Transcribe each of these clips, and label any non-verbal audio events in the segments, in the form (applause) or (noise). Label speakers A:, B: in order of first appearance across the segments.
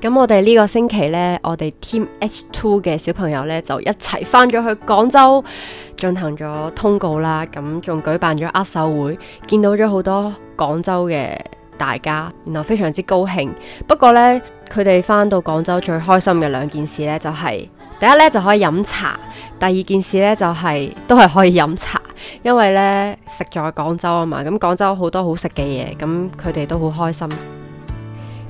A: 咁我哋呢個星期呢，我哋 Team H Two 嘅小朋友呢，就一齊翻咗去廣州進行咗通告啦，咁仲舉辦咗握手會，見到咗好多廣州嘅大家，然後非常之高興。不過呢，佢哋翻到廣州最開心嘅兩件事呢，就係第一呢，就可以飲茶，第二件事呢，就係都係可以飲茶，因為呢，食在廣州啊嘛，咁廣州好多好食嘅嘢，咁佢哋都好開心。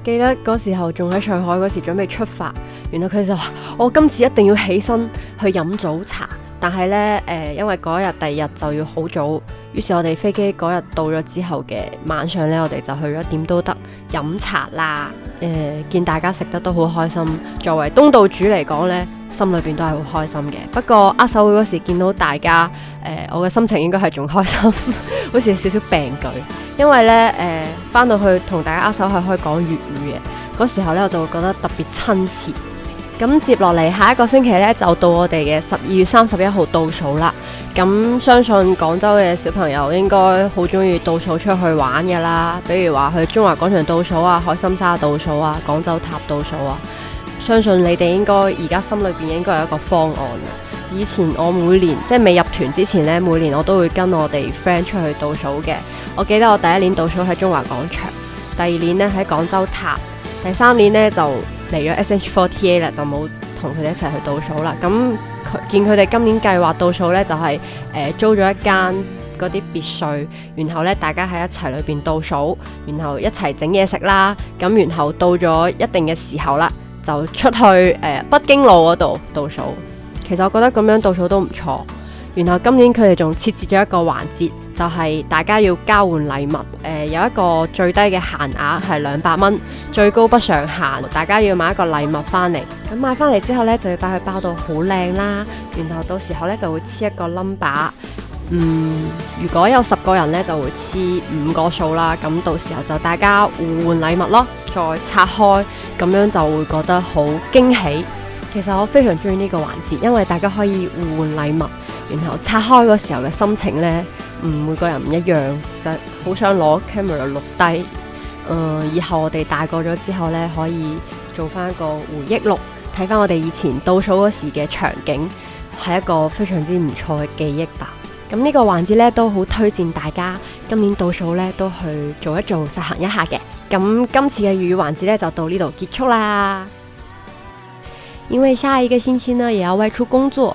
A: 記得嗰時候仲喺上海嗰時準備出發，然後佢就話：我今次一定要起身去飲早茶。但係呢，誒、呃，因為嗰日第二日就要好早，於是我哋飛機嗰日到咗之後嘅晚上呢，我哋就去咗點都德飲茶啦。誒、呃，見大家食得都好開心，作為東道主嚟講呢，心裏邊都係好開心嘅。不過握手會嗰時見到大家，誒、呃，我嘅心情應該係仲開心， (laughs) 好似有少少病句，因為呢，誒、呃，翻到去同大家握手係可以講粵語嘅嗰時候呢，我就會覺得特別親切。咁接落嚟下一個星期呢，就到我哋嘅十二月三十一號倒數啦。咁相信廣州嘅小朋友應該好中意倒數出去玩噶啦，比如話去中華廣場倒數啊、海心沙倒數啊、廣州塔倒數啊。相信你哋應該而家心裏邊應該有一個方案啦。以前我每年即係、就是、未入團之前呢，每年我都會跟我哋 friend 出去倒數嘅。我記得我第一年倒數喺中華廣場，第二年呢喺廣州塔，第三年呢就。嚟咗 SH4TA 啦，就冇同佢哋一齊去倒數啦。咁見佢哋今年計劃倒數呢，就係、是、誒、呃、租咗一間嗰啲別墅，然後呢大家喺一齊裏邊倒數，然後一齊整嘢食啦。咁然後到咗一定嘅時候啦，就出去誒、呃、北京路嗰度倒數。其實我覺得咁樣倒數都唔錯。然後今年佢哋仲設置咗一個環節。就係、是、大家要交換禮物，誒、呃、有一個最低嘅限額係兩百蚊，最高不上限。大家要買一個禮物翻嚟，咁買翻嚟之後呢，就要擺佢包到好靚啦，然後到時候呢，就會黐一個 number。嗯，如果有十個人呢，就會黐五個數啦。咁到時候就大家互換禮物咯，再拆開，咁樣就會覺得好驚喜。其實我非常中意呢個環節，因為大家可以互換禮物，然後拆開嗰時候嘅心情呢。唔，每個人唔一樣，就係好想攞 camera 錄低，誒、嗯，以後我哋大個咗之後呢，可以做翻個回憶錄，睇翻我哋以前倒數嗰時嘅場景，係一個非常之唔錯嘅記憶吧。咁呢個環節呢，都好推薦大家，今年倒數呢，都去做一做，實行一下嘅。咁今次嘅粵語環節呢，就到呢度結束啦。因為下一個星期呢也要外出工作，